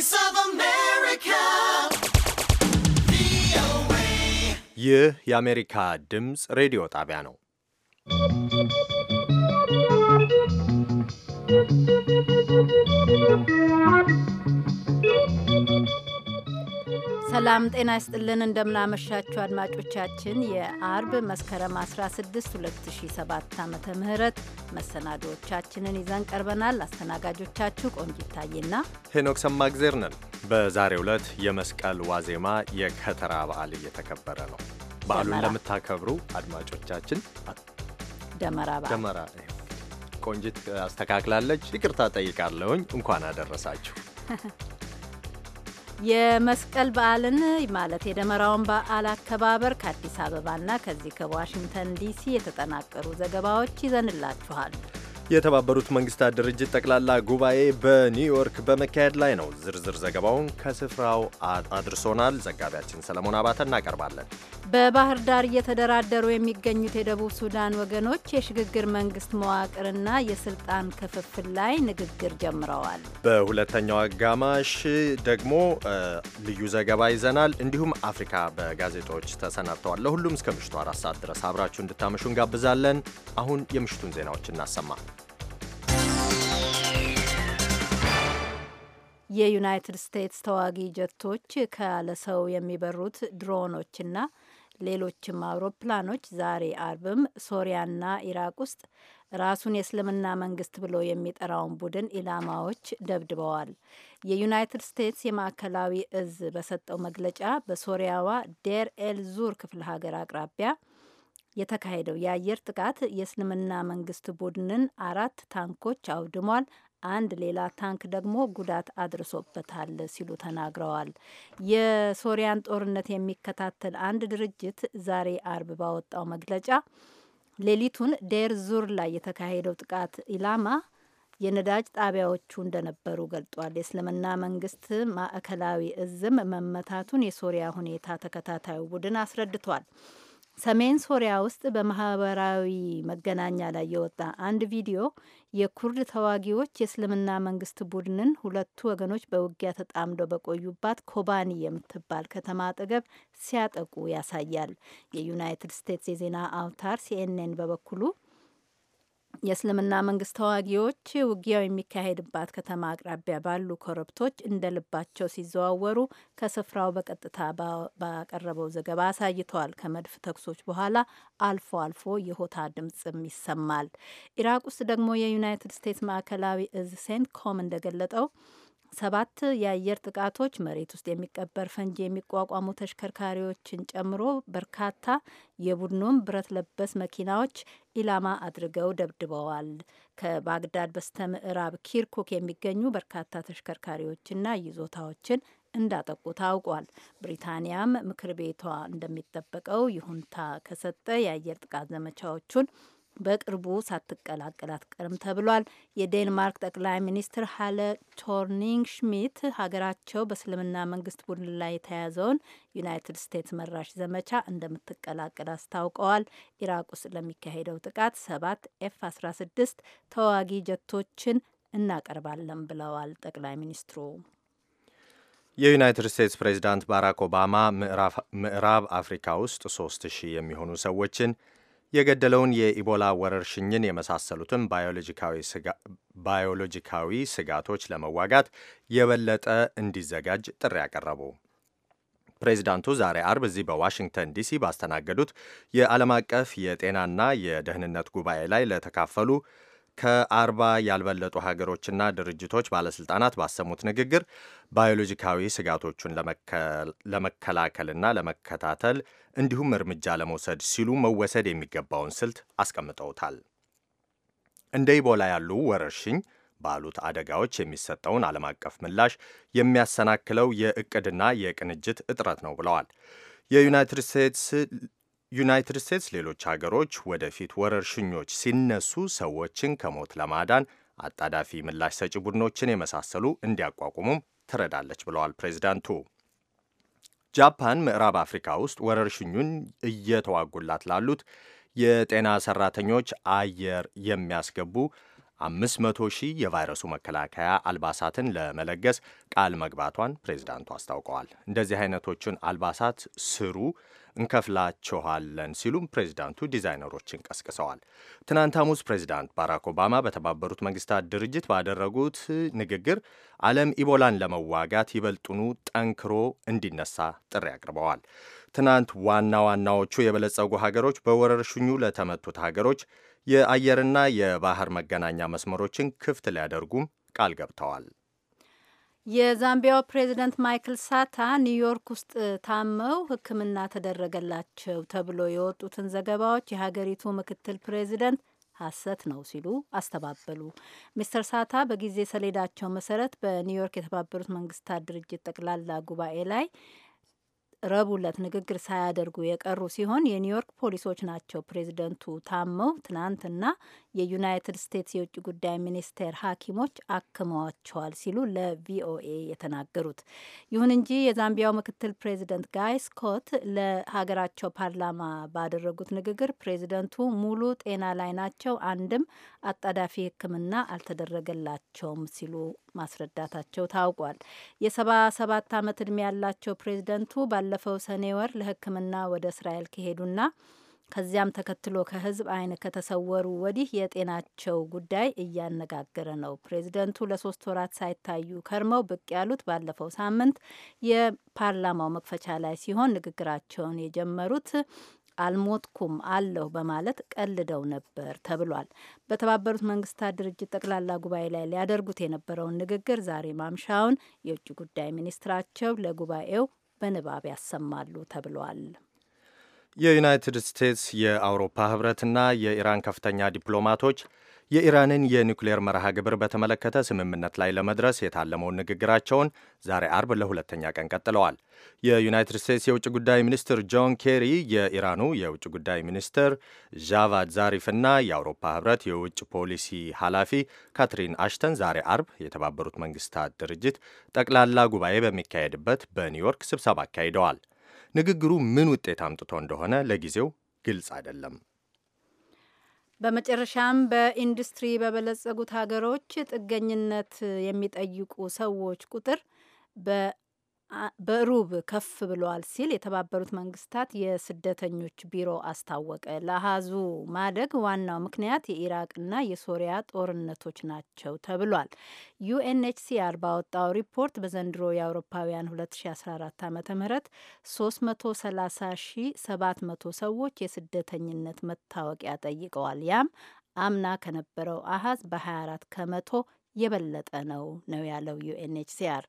Voice of America. ይህ የአሜሪካ ድምፅ ሬዲዮ ጣቢያ ነው። ሰላም ጤና ይስጥልን። እንደምናመሻችሁ አድማጮቻችን የአርብ መስከረም 16 2007 ዓ ም መሰናዶዎቻችንን ይዘን ቀርበናል። አስተናጋጆቻችሁ ቆንጂት ታዬና ሄኖክ ሰማግዜር ነን። በዛሬው ዕለት የመስቀል ዋዜማ የከተራ በዓል እየተከበረ ነው። በዓሉን ለምታከብሩ አድማጮቻችን ደመራ ደመራ አስተካክላለች። ይቅርታ ጠይቃለሁኝ። እንኳን አደረሳችሁ። የመስቀል በዓልን ማለት የደመራውን በዓል አከባበር ከአዲስ አበባና ከዚህ ከዋሽንግተን ዲሲ የተጠናቀሩ ዘገባዎች ይዘንላችኋል። የተባበሩት መንግስታት ድርጅት ጠቅላላ ጉባኤ በኒውዮርክ በመካሄድ ላይ ነው። ዝርዝር ዘገባውን ከስፍራው አድርሶናል ዘጋቢያችን ሰለሞን አባተ እናቀርባለን። በባህር ዳር እየተደራደሩ የሚገኙት የደቡብ ሱዳን ወገኖች የሽግግር መንግስት መዋቅርና የስልጣን ክፍፍል ላይ ንግግር ጀምረዋል። በሁለተኛው አጋማሽ ደግሞ ልዩ ዘገባ ይዘናል። እንዲሁም አፍሪካ በጋዜጦች ተሰናድተዋል። ለሁሉም እስከ ምሽቱ አራት ሰዓት ድረስ አብራችሁ እንድታመሹ እንጋብዛለን። አሁን የምሽቱን ዜናዎች እናሰማ። የዩናይትድ ስቴትስ ተዋጊ ጀቶች ከለሰው ሰው የሚበሩት ድሮኖችና ሌሎችም አውሮፕላኖች ዛሬ አርብም ሶሪያና ኢራቅ ውስጥ ራሱን የእስልምና መንግስት ብሎ የሚጠራውን ቡድን ኢላማዎች ደብድበዋል። የዩናይትድ ስቴትስ የማዕከላዊ እዝ በሰጠው መግለጫ በሶሪያዋ ዴር ኤል ዙር ክፍለ ሀገር አቅራቢያ የተካሄደው የአየር ጥቃት የእስልምና መንግስት ቡድንን አራት ታንኮች አውድሟል፣ አንድ ሌላ ታንክ ደግሞ ጉዳት አድርሶበታል ሲሉ ተናግረዋል። የሶሪያን ጦርነት የሚከታተል አንድ ድርጅት ዛሬ አርብ ባወጣው መግለጫ ሌሊቱን ዴር ዙር ላይ የተካሄደው ጥቃት ኢላማ የነዳጅ ጣቢያዎቹ እንደነበሩ ገልጧል። የእስልምና መንግስት ማዕከላዊ እዝም መመታቱን የሶሪያ ሁኔታ ተከታታዩ ቡድን አስረድቷል። ሰሜን ሶሪያ ውስጥ በማህበራዊ መገናኛ ላይ የወጣ አንድ ቪዲዮ የኩርድ ተዋጊዎች የእስልምና መንግስት ቡድንን ሁለቱ ወገኖች በውጊያ ተጣምደው በቆዩባት ኮባኒ የምትባል ከተማ አጠገብ ሲያጠቁ ያሳያል። የዩናይትድ ስቴትስ የዜና አውታር ሲኤንኤን በበኩሉ የእስልምና መንግስት ተዋጊዎች ውጊያው የሚካሄድባት ከተማ አቅራቢያ ባሉ ኮረብቶች እንደ ልባቸው ሲዘዋወሩ ከስፍራው በቀጥታ ባቀረበው ዘገባ አሳይተዋል። ከመድፍ ተኩሶች በኋላ አልፎ አልፎ የሆታ ድምፅም ይሰማል። ኢራቅ ውስጥ ደግሞ የዩናይትድ ስቴትስ ማዕከላዊ እዝ ሴንት ኮም እንደገለጠው ሰባት የአየር ጥቃቶች መሬት ውስጥ የሚቀበር ፈንጂ የሚቋቋሙ ተሽከርካሪዎችን ጨምሮ በርካታ የቡድኑን ብረት ለበስ መኪናዎች ኢላማ አድርገው ደብድበዋል። ከባግዳድ በስተ ምዕራብ ኪርኩክ የሚገኙ በርካታ ተሽከርካሪዎችና ይዞታዎችን እንዳጠቁ ታውቋል። ብሪታንያም ምክር ቤቷ እንደሚጠበቀው ይሁንታ ከሰጠ የአየር ጥቃት ዘመቻዎቹን በቅርቡ ሳትቀላቀል አትቀርም ተብሏል። የዴንማርክ ጠቅላይ ሚኒስትር ሀለ ቶርኒንግ ሽሚት ሀገራቸው በእስልምና መንግስት ቡድን ላይ የተያዘውን ዩናይትድ ስቴትስ መራሽ ዘመቻ እንደምትቀላቀል አስታውቀዋል። ኢራቅ ውስጥ ለሚካሄደው ጥቃት ሰባት ኤፍ 16 ተዋጊ ጀቶችን እናቀርባለን ብለዋል ጠቅላይ ሚኒስትሩ። የዩናይትድ ስቴትስ ፕሬዚዳንት ባራክ ኦባማ ምዕራብ አፍሪካ ውስጥ ሶስት ሺህ የሚሆኑ ሰዎችን የገደለውን የኢቦላ ወረርሽኝን የመሳሰሉትን ባዮሎጂካዊ ስጋቶች ለመዋጋት የበለጠ እንዲዘጋጅ ጥሪ ያቀረቡ ፕሬዚዳንቱ ዛሬ አርብ እዚህ በዋሽንግተን ዲሲ ባስተናገዱት የዓለም አቀፍ የጤናና የደህንነት ጉባኤ ላይ ለተካፈሉ ከአርባ ያልበለጡ ሀገሮችና ድርጅቶች ባለስልጣናት ባሰሙት ንግግር ባዮሎጂካዊ ስጋቶቹን ለመከላከልና ለመከታተል እንዲሁም እርምጃ ለመውሰድ ሲሉ መወሰድ የሚገባውን ስልት አስቀምጠውታል። እንደ ኢቦላ ያሉ ወረርሽኝ ባሉት አደጋዎች የሚሰጠውን ዓለም አቀፍ ምላሽ የሚያሰናክለው የእቅድና የቅንጅት እጥረት ነው ብለዋል። የዩናይትድ ስቴትስ ዩናይትድ ስቴትስ ሌሎች ሀገሮች ወደፊት ወረርሽኞች ሲነሱ ሰዎችን ከሞት ለማዳን አጣዳፊ ምላሽ ሰጪ ቡድኖችን የመሳሰሉ እንዲያቋቁሙም ትረዳለች ብለዋል ፕሬዚዳንቱ። ጃፓን ምዕራብ አፍሪካ ውስጥ ወረርሽኙን እየተዋጉላት ላሉት የጤና ሰራተኞች አየር የሚያስገቡ አምስት መቶ ሺህ የቫይረሱ መከላከያ አልባሳትን ለመለገስ ቃል መግባቷን ፕሬዚዳንቱ አስታውቀዋል። እንደዚህ አይነቶችን አልባሳት ስሩ እንከፍላችኋለን ሲሉም ፕሬዚዳንቱ ዲዛይነሮችን ቀስቅሰዋል። ትናንት ሐሙስ ፕሬዚዳንት ባራክ ኦባማ በተባበሩት መንግስታት ድርጅት ባደረጉት ንግግር ዓለም ኢቦላን ለመዋጋት ይበልጡኑ ጠንክሮ እንዲነሳ ጥሪ አቅርበዋል። ትናንት ዋና ዋናዎቹ የበለጸጉ ሀገሮች በወረርሽኙ ለተመቱት ሀገሮች የአየርና የባህር መገናኛ መስመሮችን ክፍት ሊያደርጉም ቃል ገብተዋል። የዛምቢያው ፕሬዚደንት ማይክል ሳታ ኒውዮርክ ውስጥ ታመው ሕክምና ተደረገላቸው ተብሎ የወጡትን ዘገባዎች የሀገሪቱ ምክትል ፕሬዚደንት ሐሰት ነው ሲሉ አስተባበሉ። ሚስተር ሳታ በጊዜ ሰሌዳቸው መሰረት በኒውዮርክ የተባበሩት መንግስታት ድርጅት ጠቅላላ ጉባኤ ላይ ረቡዕ ዕለት ንግግር ሳያደርጉ የቀሩ ሲሆን የኒውዮርክ ፖሊሶች ናቸው ፕሬዚደንቱ ታመው ትናንትና የዩናይትድ ስቴትስ የውጭ ጉዳይ ሚኒስቴር ሐኪሞች አክመዋቸዋል ሲሉ ለቪኦኤ የተናገሩት። ይሁን እንጂ የዛምቢያው ምክትል ፕሬዚደንት ጋይ ስኮት ለሀገራቸው ፓርላማ ባደረጉት ንግግር ፕሬዚደንቱ ሙሉ ጤና ላይ ናቸው፣ አንድም አጣዳፊ ሕክምና አልተደረገላቸውም ሲሉ ማስረዳታቸው ታውቋል። የሰባ ሰባት ዓመት ዕድሜ ያላቸው ፕሬዝደንቱ ባለፈው ሰኔ ወር ለሕክምና ወደ እስራኤል ከሄዱና ከዚያም ተከትሎ ከህዝብ አይን ከተሰወሩ ወዲህ የጤናቸው ጉዳይ እያነጋገረ ነው። ፕሬዚደንቱ ለሶስት ወራት ሳይታዩ ከርመው ብቅ ያሉት ባለፈው ሳምንት የፓርላማው መክፈቻ ላይ ሲሆን ንግግራቸውን የጀመሩት አልሞትኩም አለሁ በማለት ቀልደው ነበር ተብሏል። በተባበሩት መንግስታት ድርጅት ጠቅላላ ጉባኤ ላይ ሊያደርጉት የነበረውን ንግግር ዛሬ ማምሻውን የውጭ ጉዳይ ሚኒስትራቸው ለጉባኤው በንባብ ያሰማሉ ተብሏል። የዩናይትድ ስቴትስ የአውሮፓ ህብረትና የኢራን ከፍተኛ ዲፕሎማቶች የኢራንን የኒውክሌር መርሃ ግብር በተመለከተ ስምምነት ላይ ለመድረስ የታለመውን ንግግራቸውን ዛሬ አርብ ለሁለተኛ ቀን ቀጥለዋል። የዩናይትድ ስቴትስ የውጭ ጉዳይ ሚኒስትር ጆን ኬሪ የኢራኑ የውጭ ጉዳይ ሚኒስትር ዣቫድ ዛሪፍና የአውሮፓ ህብረት የውጭ ፖሊሲ ኃላፊ ካትሪን አሽተን ዛሬ አርብ የተባበሩት መንግስታት ድርጅት ጠቅላላ ጉባኤ በሚካሄድበት በኒውዮርክ ስብሰባ አካሂደዋል። ንግግሩ ምን ውጤት አምጥቶ እንደሆነ ለጊዜው ግልጽ አይደለም። በመጨረሻም በኢንዱስትሪ በበለጸጉት ሀገሮች ጥገኝነት የሚጠይቁ ሰዎች ቁጥር በ በሩብ ከፍ ብሏል ሲል የተባበሩት መንግስታት የስደተኞች ቢሮ አስታወቀ። ለአሃዙ ማደግ ዋናው ምክንያት የኢራቅና የሶሪያ ጦርነቶች ናቸው ተብሏል። ዩኤንኤችሲአር ባወጣው ሪፖርት በዘንድሮ የአውሮፓውያን 2014 ዓ ም 330700 ሰዎች የስደተኝነት መታወቂያ ጠይቀዋል። ያም አምና ከነበረው አሃዝ በ24 ከመቶ የበለጠ ነው ነው ያለው ዩኤንኤችሲአር።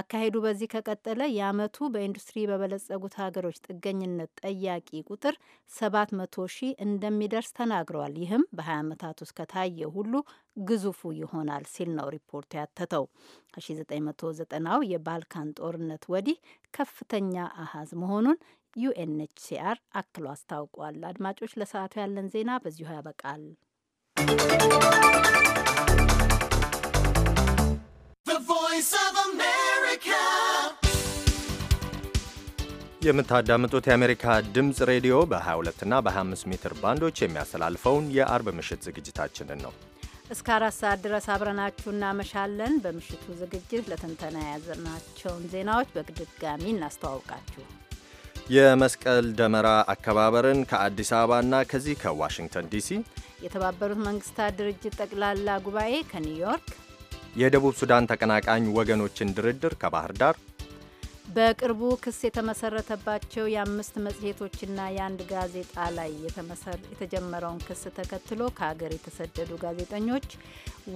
አካሄዱ በዚህ ከቀጠለ የአመቱ በኢንዱስትሪ በበለጸጉት ሀገሮች ጥገኝነት ጠያቂ ቁጥር 700 ሺህ እንደሚደርስ ተናግረዋል። ይህም በ20 ዓመታት ውስጥ ከታየ ሁሉ ግዙፉ ይሆናል ሲል ነው ሪፖርቱ ያተተው። ከ1990ው የባልካን ጦርነት ወዲህ ከፍተኛ አሃዝ መሆኑን ዩኤንኤችሲአር አክሎ አስታውቋል። አድማጮች፣ ለሰዓቱ ያለን ዜና በዚሁ ያበቃል። የምታዳምጡት የአሜሪካ ድምፅ ሬዲዮ በ22 እና በ25 ሜትር ባንዶች የሚያስተላልፈውን የአርብ ምሽት ዝግጅታችንን ነው። እስከ አራት ሰዓት ድረስ አብረናችሁ እናመሻለን። በምሽቱ ዝግጅት ለትንተና የያዝናቸውን ዜናዎች በድጋሚ እናስተዋውቃችሁ። የመስቀል ደመራ አከባበርን ከአዲስ አበባና ከዚህ ከዋሽንግተን ዲሲ፣ የተባበሩት መንግስታት ድርጅት ጠቅላላ ጉባኤ ከኒውዮርክ፣ የደቡብ ሱዳን ተቀናቃኝ ወገኖችን ድርድር ከባህር ዳር በቅርቡ ክስ የተመሰረተባቸው የአምስት መጽሔቶችና የአንድ ጋዜጣ ላይ የተጀመረውን ክስ ተከትሎ ከሀገር የተሰደዱ ጋዜጠኞች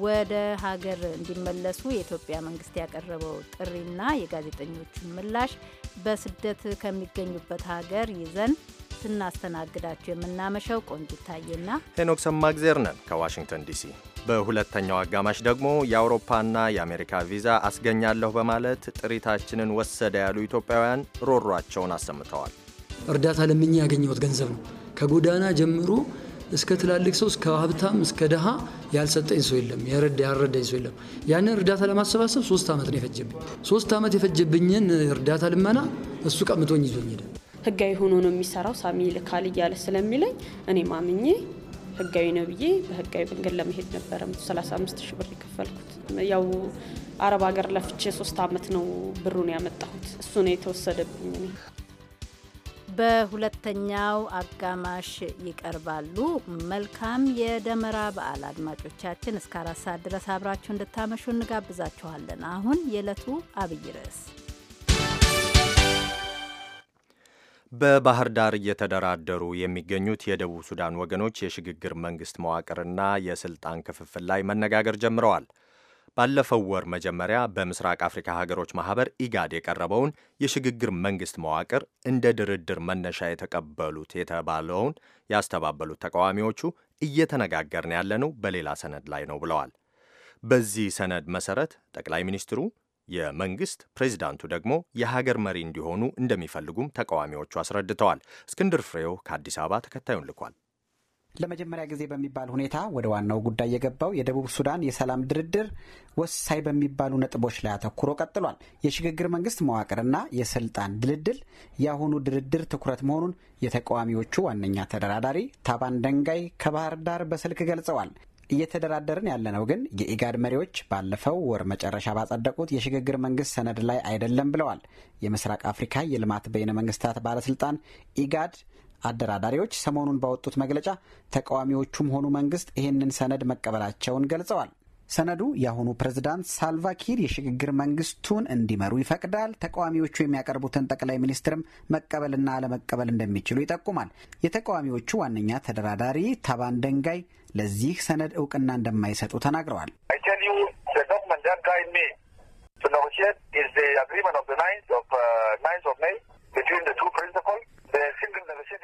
ወደ ሀገር እንዲመለሱ የኢትዮጵያ መንግስት ያቀረበው ጥሪና የጋዜጠኞቹን ምላሽ በስደት ከሚገኙበት ሀገር ይዘን ስናስተናግዳችሁ የምናመሸው ቆንጂት ታዬና ሄኖክ ሰማግዜር ነን ከዋሽንግተን ዲሲ። በሁለተኛው አጋማሽ ደግሞ የአውሮፓና የአሜሪካ ቪዛ አስገኛለሁ በማለት ጥሪታችንን ወሰደ ያሉ ኢትዮጵያውያን ሮሯቸውን አሰምተዋል። እርዳታ ለምኜ ያገኘሁት ገንዘብ ነው። ከጎዳና ጀምሮ እስከ ትላልቅ ሰው እስከ ሀብታም እስከ ድሃ ያልሰጠኝ ሰው የለም፣ ያልረዳኝ ሰው የለም። ያንን እርዳታ ለማሰባሰብ ሶስት ዓመት ነው የፈጀብኝ። ሶስት ዓመት የፈጀብኝን እርዳታ ልመና እሱ ቀምቶኝ ይዞኝ ሄደ። ህጋዊ ሆኖ ነው የሚሰራው ሳሚ ልካል እያለ ስለሚለኝ እኔ ማምኜ ህጋዊ ነው ብዬ በህጋዊ መንገድ ለመሄድ ነበረ 35 ሺ ብር የከፈልኩት። ያው አረብ ሀገር ለፍቼ ሶስት አመት ነው ብሩን ያመጣሁት። እሱ ነው የተወሰደብኝ። እኔ በሁለተኛው አጋማሽ ይቀርባሉ። መልካም የደመራ በዓል አድማጮቻችን። እስከ አራት ሰዓት ድረስ አብራችሁ እንድታመሹ እንጋብዛችኋለን። አሁን የዕለቱ አብይ ርዕስ በባህር ዳር እየተደራደሩ የሚገኙት የደቡብ ሱዳን ወገኖች የሽግግር መንግስት መዋቅርና የስልጣን ክፍፍል ላይ መነጋገር ጀምረዋል። ባለፈው ወር መጀመሪያ በምስራቅ አፍሪካ ሀገሮች ማህበር ኢጋድ የቀረበውን የሽግግር መንግስት መዋቅር እንደ ድርድር መነሻ የተቀበሉት የተባለውን ያስተባበሉት ተቃዋሚዎቹ እየተነጋገርን ያለነው በሌላ ሰነድ ላይ ነው ብለዋል። በዚህ ሰነድ መሰረት ጠቅላይ ሚኒስትሩ የመንግስት ፕሬዚዳንቱ ደግሞ የሀገር መሪ እንዲሆኑ እንደሚፈልጉም ተቃዋሚዎቹ አስረድተዋል። እስክንድር ፍሬው ከአዲስ አበባ ተከታዩን ልኳል። ለመጀመሪያ ጊዜ በሚባል ሁኔታ ወደ ዋናው ጉዳይ የገባው የደቡብ ሱዳን የሰላም ድርድር ወሳኝ በሚባሉ ነጥቦች ላይ አተኩሮ ቀጥሏል። የሽግግር መንግስት መዋቅርና የስልጣን ድልድል የአሁኑ ድርድር ትኩረት መሆኑን የተቃዋሚዎቹ ዋነኛ ተደራዳሪ ታባን ደንጋይ ከባህር ዳር በስልክ ገልጸዋል። እየተደራደርን ያለነው ግን የኢጋድ መሪዎች ባለፈው ወር መጨረሻ ባጸደቁት የሽግግር መንግስት ሰነድ ላይ አይደለም ብለዋል። የምስራቅ አፍሪካ የልማት በይነ መንግስታት ባለስልጣን ኢጋድ አደራዳሪዎች ሰሞኑን ባወጡት መግለጫ ተቃዋሚዎቹም ሆኑ መንግስት ይህንን ሰነድ መቀበላቸውን ገልጸዋል። ሰነዱ የአሁኑ ፕሬዝዳንት ሳልቫኪር የሽግግር መንግስቱን እንዲመሩ ይፈቅዳል። ተቃዋሚዎቹ የሚያቀርቡትን ጠቅላይ ሚኒስትርም መቀበልና አለመቀበል እንደሚችሉ ይጠቁማል። የተቃዋሚዎቹ ዋነኛ ተደራዳሪ ታባን ደንጋይ ለዚህ ሰነድ እውቅና እንደማይሰጡ ተናግረዋል።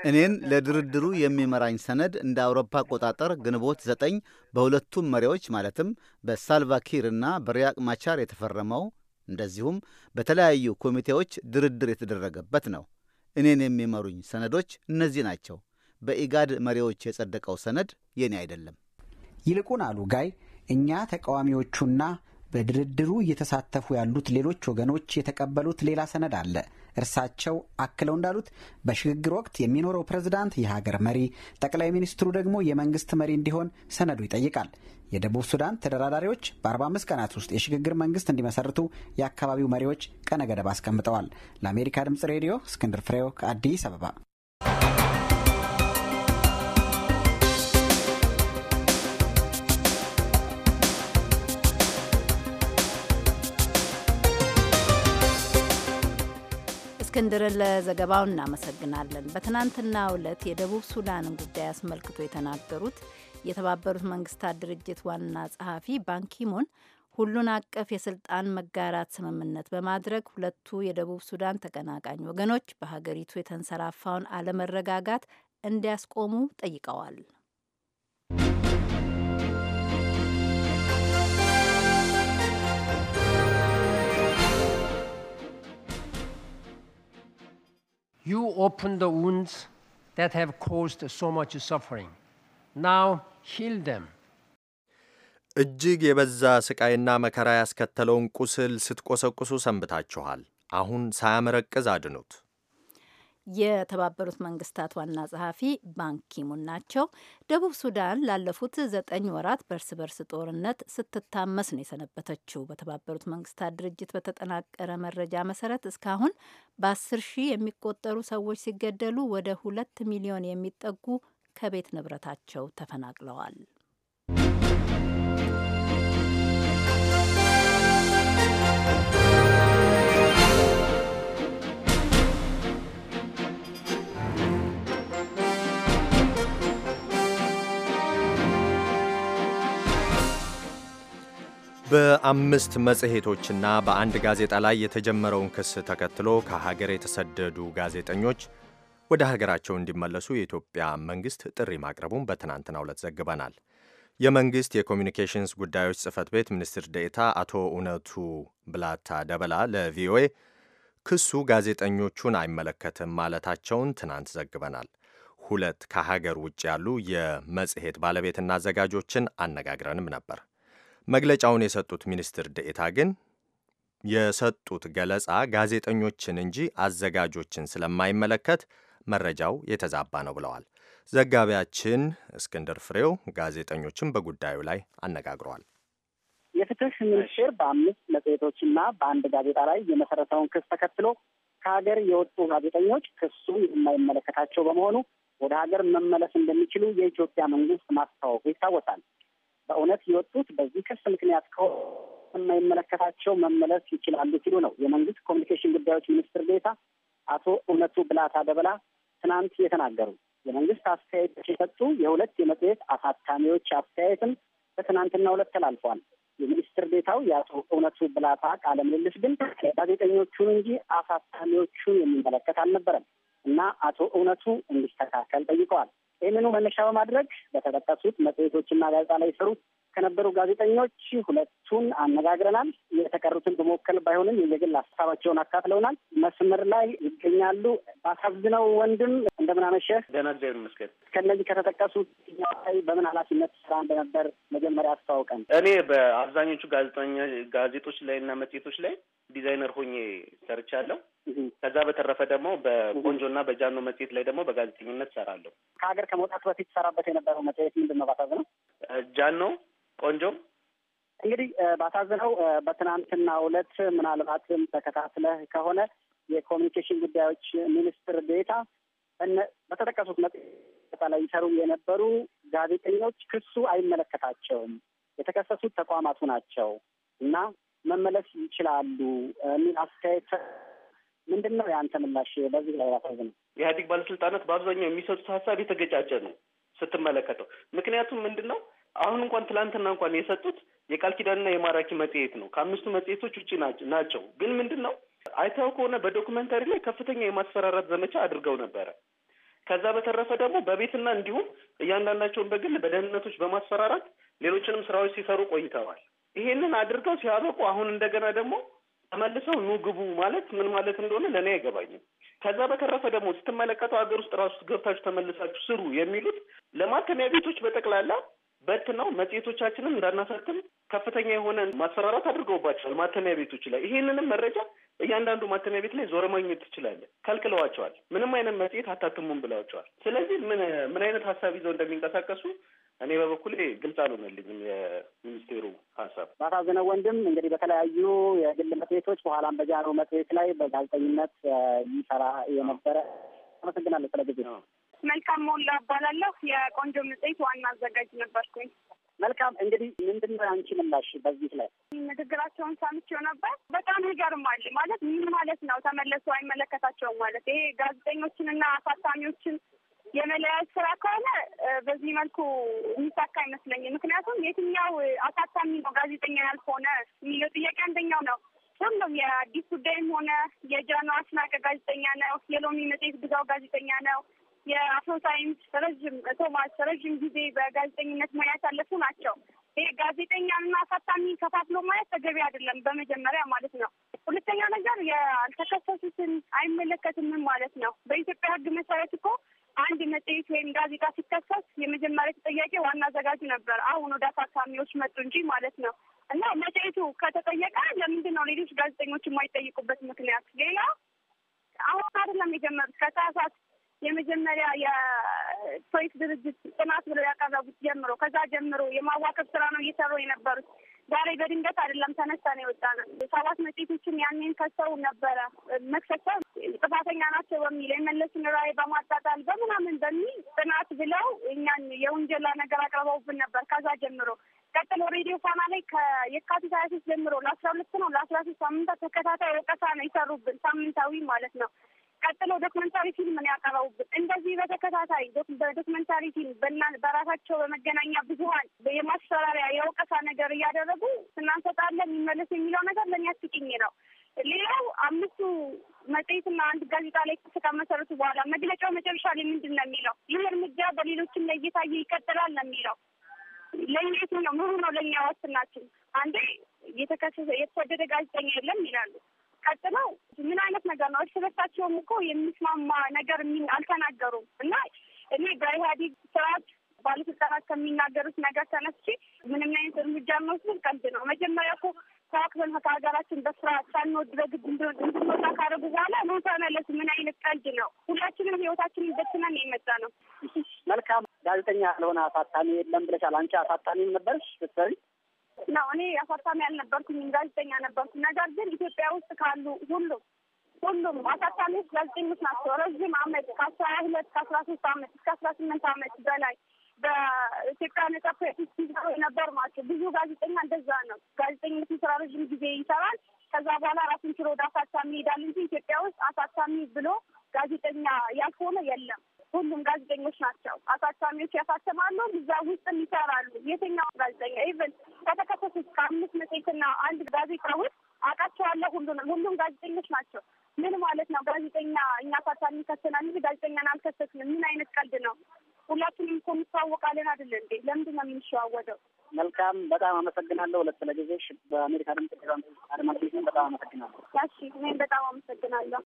እኔን ለድርድሩ የሚመራኝ ሰነድ እንደ አውሮፓ አቆጣጠር ግንቦት ዘጠኝ በሁለቱም መሪዎች ማለትም በሳልቫኪር እና በሪያቅ ማቻር የተፈረመው እንደዚሁም በተለያዩ ኮሚቴዎች ድርድር የተደረገበት ነው። እኔን የሚመሩኝ ሰነዶች እነዚህ ናቸው። በኢጋድ መሪዎች የጸደቀው ሰነድ የኔ አይደለም። ይልቁን አሉ ጋይ እኛ ተቃዋሚዎቹና በድርድሩ እየተሳተፉ ያሉት ሌሎች ወገኖች የተቀበሉት ሌላ ሰነድ አለ። እርሳቸው አክለው እንዳሉት በሽግግር ወቅት የሚኖረው ፕሬዝዳንት የሀገር መሪ፣ ጠቅላይ ሚኒስትሩ ደግሞ የመንግስት መሪ እንዲሆን ሰነዱ ይጠይቃል። የደቡብ ሱዳን ተደራዳሪዎች በ45 ቀናት ውስጥ የሽግግር መንግስት እንዲመሰርቱ የአካባቢው መሪዎች ቀነ ገደብ አስቀምጠዋል። ለአሜሪካ ድምጽ ሬዲዮ እስክንድር ፍሬው ከአዲስ አበባ እስክንድርን ለዘገባው እናመሰግናለን። በትናንትናው ዕለት የደቡብ ሱዳንን ጉዳይ አስመልክቶ የተናገሩት የተባበሩት መንግስታት ድርጅት ዋና ጸሐፊ ባንኪሙን ሁሉን አቀፍ የስልጣን መጋራት ስምምነት በማድረግ ሁለቱ የደቡብ ሱዳን ተቀናቃኝ ወገኖች በሀገሪቱ የተንሰራፋውን አለመረጋጋት እንዲያስቆሙ ጠይቀዋል። You opened the wounds that have caused so much suffering. Now heal them. እጅግ የበዛ ስቃይና መከራ ያስከተለውን ቁስል ስትቆሰቁሱ ሰንብታችኋል። አሁን ሳያመረቅዝ አድኑት። የተባበሩት መንግስታት ዋና ጸሐፊ ባንኪሙን ናቸው። ደቡብ ሱዳን ላለፉት ዘጠኝ ወራት በእርስ በርስ ጦርነት ስትታመስ ነው የሰነበተችው። በተባበሩት መንግስታት ድርጅት በተጠናቀረ መረጃ መሰረት እስካሁን በአስር ሺህ የሚቆጠሩ ሰዎች ሲገደሉ ወደ ሁለት ሚሊዮን የሚጠጉ ከቤት ንብረታቸው ተፈናቅለዋል። በአምስት መጽሔቶችና በአንድ ጋዜጣ ላይ የተጀመረውን ክስ ተከትሎ ከሀገር የተሰደዱ ጋዜጠኞች ወደ ሀገራቸው እንዲመለሱ የኢትዮጵያ መንግሥት ጥሪ ማቅረቡን በትናንትናው ዕለት ዘግበናል። የመንግሥት የኮሚኒኬሽንስ ጉዳዮች ጽፈት ቤት ሚኒስትር ዴኤታ አቶ እውነቱ ብላታ ደበላ ለቪኦኤ ክሱ ጋዜጠኞቹን አይመለከትም ማለታቸውን ትናንት ዘግበናል። ሁለት ከሀገር ውጭ ያሉ የመጽሔት ባለቤትና አዘጋጆችን አነጋግረንም ነበር። መግለጫውን የሰጡት ሚኒስትር ደኤታ ግን የሰጡት ገለጻ ጋዜጠኞችን እንጂ አዘጋጆችን ስለማይመለከት መረጃው የተዛባ ነው ብለዋል። ዘጋቢያችን እስክንድር ፍሬው ጋዜጠኞችን በጉዳዩ ላይ አነጋግሯል። የፍትህ ሚኒስቴር በአምስት መጽሔቶችና በአንድ ጋዜጣ ላይ የመሰረተውን ክስ ተከትሎ ከሀገር የወጡ ጋዜጠኞች ክሱ የማይመለከታቸው በመሆኑ ወደ ሀገር መመለስ እንደሚችሉ የኢትዮጵያ መንግስት ማስታወቁ ይታወሳል። በእውነት የወጡት በዚህ ክስ ምክንያት ከሆነ የማይመለከታቸው መመለስ ይችላሉ ሲሉ ነው የመንግስት ኮሚኒኬሽን ጉዳዮች ሚኒስትር ዴኤታ አቶ እውነቱ ብላታ ደበላ ትናንት የተናገሩ። የመንግስት አስተያየቶች የሰጡ የሁለት የመጽሔት አሳታሚዎች አስተያየትም በትናንትና ሁለት ተላልፏል። የሚኒስትር ዴታው የአቶ እውነቱ ብላታ ቃለ ምልልስ ግን ጋዜጠኞቹን እንጂ አሳታሚዎቹን የሚመለከት አልነበረም እና አቶ እውነቱ እንዲስተካከል ጠይቀዋል። ይህንኑ መነሻ በማድረግ በተጠቀሱት መጽሔቶችና ጋዜጣ ላይ የሰሩት ከነበሩ ጋዜጠኞች ሁለቱን አነጋግረናል። የተቀሩትን በመወከል ባይሆንም የግል ሀሳባቸውን አካፍለውናል። መስመር ላይ ይገኛሉ። ባሳዝነው ወንድም እንደምን አመሸ? ደህና እግዚአብሔር ከእነዚህ ከተጠቀሱት ላይ በምን ኃላፊነት ስራ እንደነበር መጀመሪያ አስተዋውቀን። እኔ በአብዛኞቹ ጋዜጦች ላይ እና መጽሄቶች ላይ ዲዛይነር ሆኜ ሰርቻለሁ። ከዛ በተረፈ ደግሞ በቆንጆና በጃኖ መጽሄት ላይ ደግሞ በጋዜጠኝነት ሰራለሁ። ከሀገር ከመውጣት በፊት ሰራበት የነበረው መጽሄት ምንድን ነው? ባሳዝነው ጃኖ ቆንጆ እንግዲህ ባሳዝነው በትናንትና ዕለት ምናልባትም ተከታትለህ ከሆነ የኮሚኒኬሽን ጉዳዮች ሚኒስትር ዴታ በተጠቀሱት መጽሔት ላይ ይሰሩ የነበሩ ጋዜጠኞች ክሱ አይመለከታቸውም፣ የተከሰሱት ተቋማቱ ናቸው እና መመለስ ይችላሉ የሚል አስተያየት ምንድን ነው የአንተ ምላሽ በዚህ ላይ? ባሳዝነው የኢህአዴግ ባለስልጣናት በአብዛኛው የሚሰጡት ሀሳብ የተገጫጨ ነው ስትመለከተው። ምክንያቱም ምንድን ነው አሁን እንኳን ትላንትና እንኳን የሰጡት የቃል ኪዳንና የማራኪ መጽሔት ነው። ከአምስቱ መጽሔቶች ውጭ ናቸው። ግን ምንድን ነው አይተው ከሆነ በዶክመንታሪ ላይ ከፍተኛ የማስፈራራት ዘመቻ አድርገው ነበረ። ከዛ በተረፈ ደግሞ በቤትና እንዲሁም እያንዳንዳቸውን በግል በደህንነቶች በማስፈራራት ሌሎችንም ስራዎች ሲሰሩ ቆይተዋል። ይሄንን አድርገው ሲያበቁ አሁን እንደገና ደግሞ ተመልሰው ኑ ግቡ ማለት ምን ማለት እንደሆነ ለእኔ አይገባኝም። ከዛ በተረፈ ደግሞ ስትመለከተው ሀገር ውስጥ ራሱ ገብታችሁ ተመልሳችሁ ስሩ የሚሉት ለማተሚያ ቤቶች በጠቅላላ በት ነው መጽሔቶቻችንም እንዳናሳትም ከፍተኛ የሆነ ማስፈራራት አድርገውባቸዋል ማተሚያ ቤቶች ላይ። ይሄንንም መረጃ እያንዳንዱ ማተሚያ ቤት ላይ ዞረ ማግኘት ትችላለህ። ከልክለዋቸዋል። ምንም አይነት መጽሔት አታትሙም ብለዋቸዋል። ስለዚህ ምን ምን አይነት ሀሳብ ይዘው እንደሚንቀሳቀሱ እኔ በበኩሌ ግልጽ አልሆነልኝም የሚኒስቴሩ ሀሳብ። ባታዘነ ወንድም እንግዲህ በተለያዩ የግል መጽሔቶች በኋላም በጃኖ መጽሔት ላይ በጋዜጠኝነት ይሰራ የነበረ አመሰግናለሁ ስለ ጊዜ መልካም ሞላ እባላለሁ። የቆንጆ መጽሔት ዋና አዘጋጅ ነበርኩኝ። መልካም እንግዲህ ምንድን ነው አንቺ ምላሽ በዚህ ላይ? ንግግራቸውን ሰምቼው ነበር። በጣም ይገርማል። ማለት ምን ማለት ነው? ተመለሱ አይመለከታቸውም ማለት ይሄ ጋዜጠኞችንና አሳታሚዎችን የመለያየት ስራ ከሆነ በዚህ መልኩ የሚሳካ አይመስለኝም። ምክንያቱም የትኛው አሳታሚ ነው ጋዜጠኛ ያልሆነ የሚለው ጥያቄ አንደኛው ነው። ሁሉም የአዲስ ጉዳይም ሆነ የጃኖ አስናቀ ጋዜጠኛ ነው። የሎሚ መጽሔት ብዛው ጋዜጠኛ ነው። የአቶ ሳይንስ ረዥም ቶማስ ረዥም ጊዜ በጋዜጠኝነት ሙያ ያሳለፉ ናቸው። ይህ ጋዜጠኛና አሳታሚ ከፋፍሎ ማየት ተገቢ አይደለም፣ በመጀመሪያ ማለት ነው። ሁለተኛ ነገር ያልተከሰሱትን አይመለከትም ማለት ነው። በኢትዮጵያ ሕግ መሰረት እኮ አንድ መጽሔት ወይም ጋዜጣ ሲከሰስ የመጀመሪያ ተጠያቂ ዋና አዘጋጁ ነበር። አሁን ወደ አሳታሚዎች መጡ እንጂ ማለት ነው። እና መጽሔቱ ከተጠየቀ ለምንድን ነው ሌሎች ጋዜጠኞች የማይጠይቁበት ምክንያት? ሌላ አሁን አይደለም የጀመሩት ከሳሳት የመጀመሪያ የቶይስ ድርጅት ጥናት ብለው ያቀረቡት ጀምሮ ከዛ ጀምሮ የማዋከብ ስራ ነው እየሰሩ የነበሩት። ዛሬ በድንገት አይደለም ነው የወጣ ነው። ሰባት መጽሔቶችን ያኔን ከሰው ነበረ መክሰሰው ጥፋተኛ ናቸው በሚል የመለስን ራዕይ በማጣጣል በምናምን በሚል ጥናት ብለው እኛን የውንጀላ ነገር አቅርበውብን ነበር። ከዛ ጀምሮ ቀጥሎ ሬዲዮ ፋና ላይ ከየካቲት ሀያ ሶስት ጀምሮ ለአስራ ሁለት ነው ለአስራ ሶስት ሳምንታት ተከታታይ ወቀሳ ነው የሰሩብን፣ ሳምንታዊ ማለት ነው። ቀጥሎ ዶክመንታሪ ፊልም ነው ያቀረቡብን። እንደዚህ በተከታታይ በዶክመንታሪ ፊልም በራሳቸው በመገናኛ ብዙኃን የማስፈራሪያ የወቀሳ ነገር እያደረጉ ስናንሰጣለን የሚመለስ የሚለው ነገር ለእኔ አስቂኝ ነው። ሌላው አምስቱ መጽሔትና አንድ ጋዜጣ ላይ ክስ ከመሰረቱ በኋላ መግለጫው መጨረሻ ላይ ምንድን ነው የሚለው? ይህ እርምጃ በሌሎችም ላይ እየታየ ይቀጥላል ነው የሚለው። ለእኛ የትኛው ምሁ ነው ለእኛ ዋስትናችን? አንዴ የተከሰሰ የተወደደ ጋዜጠኛ የለም ይላሉ። ቀጥለው ምን አይነት ነገር ነው? እርስ በርሳቸውም እኮ የሚስማማ ነገር አልተናገሩም። እና እኔ በኢህአዴግ ስርዓት ባለስልጣናት ከሚናገሩት ነገር ተነስቼ ምንም አይነት እርምጃ መውሰድ ቀልድ ነው። መጀመሪያ እኮ ተዋክበን ከሀገራችን በስራ ሳንወድ በግድ እንድንወጣ ካደረጉ በኋላ መውሳመለስ ምን አይነት ቀልድ ነው? ሁላችንም ህይወታችንን በትነን የመጣ ነው። መልካም ጋዜጠኛ ያልሆነ አሳታሚ የለም ብለሻል። አንቺ አሳታሚም ነበርሽ ስትሰሪ ነው። እኔ አሳታሚ አልነበርኩኝም፣ ጋዜጠኛ ነበርኩ። ነገር ግን ኢትዮጵያ ውስጥ ካሉ ሁሉም ሁሉም አሳታሚዎች ጋዜጠኞች ናቸው። ረዥም አመት ከአስራ ሁለት ከአስራ ሶስት አመት እስከ አስራ ስምንት አመት በላይ በኢትዮጵያ ነጻ ፕሬስ ሲሰሩ የነበሩ ናቸው። ብዙ ጋዜጠኛ እንደዛ ነው። ጋዜጠኝነትን ስራ ረዥም ጊዜ ይሰራል። ከዛ በኋላ ራሱን ችሎ ወደ አሳታሚ ይሄዳል እንጂ ኢትዮጵያ ውስጥ አሳታሚ ብሎ ጋዜጠኛ ያልሆነ የለም። ሁሉም ጋዜጠኞች ናቸው። አሳታሚዎች ያሳተማሉ፣ እዛ ውስጥም ይሰራሉ። የትኛውን ጋዜጠኛ ኢቨን ትናንትና አንድ ጋዜጣ ውስጥ አውቃቸዋለሁ። ሁሉንም ሁሉም ጋዜጠኞች ናቸው። ምን ማለት ነው? ጋዜጠኛ እኛ ፓርታን ከሰናል እንጂ ጋዜጠኛን አልከሰስንም። ምን አይነት ቀልድ ነው? ሁላችንም እኮ እንተዋወቃለን አይደለ እንዴ? ለምንድን ነው የምንሸዋወደው? መልካም፣ በጣም አመሰግናለሁ። ሁለት ለጊዜሽ በአሜሪካ ድምጽ አድማጭ፣ በጣም አመሰግናለሁ። እሺ፣ እኔም በጣም አመሰግናለሁ።